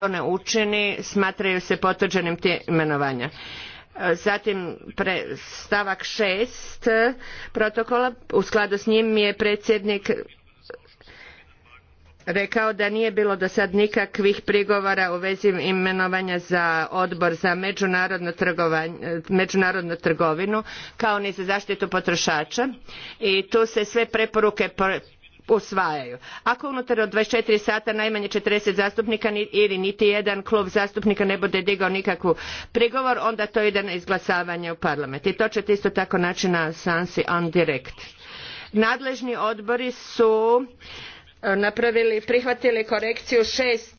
to ne učini smatraju se potvrđenim imenovanja. E, zatim stavak šest protokola u skladu s njim je predsjednik rekao da nije bilo do sad nikakvih prigovora u vezi imenovanja za odbor za međunarodnu, međunarodnu trgovinu kao ni za zaštitu potrošača i tu se sve preporuke usvajaju. Ako unutar od 24 sata najmanje 40 zastupnika ili niti jedan klub zastupnika ne bude digao nikakvu prigovor, onda to ide na izglasavanje u parlament. I to ćete isto tako naći na Sansi on direct. Nadležni odbori su e, napravili, prihvatili korekciju šest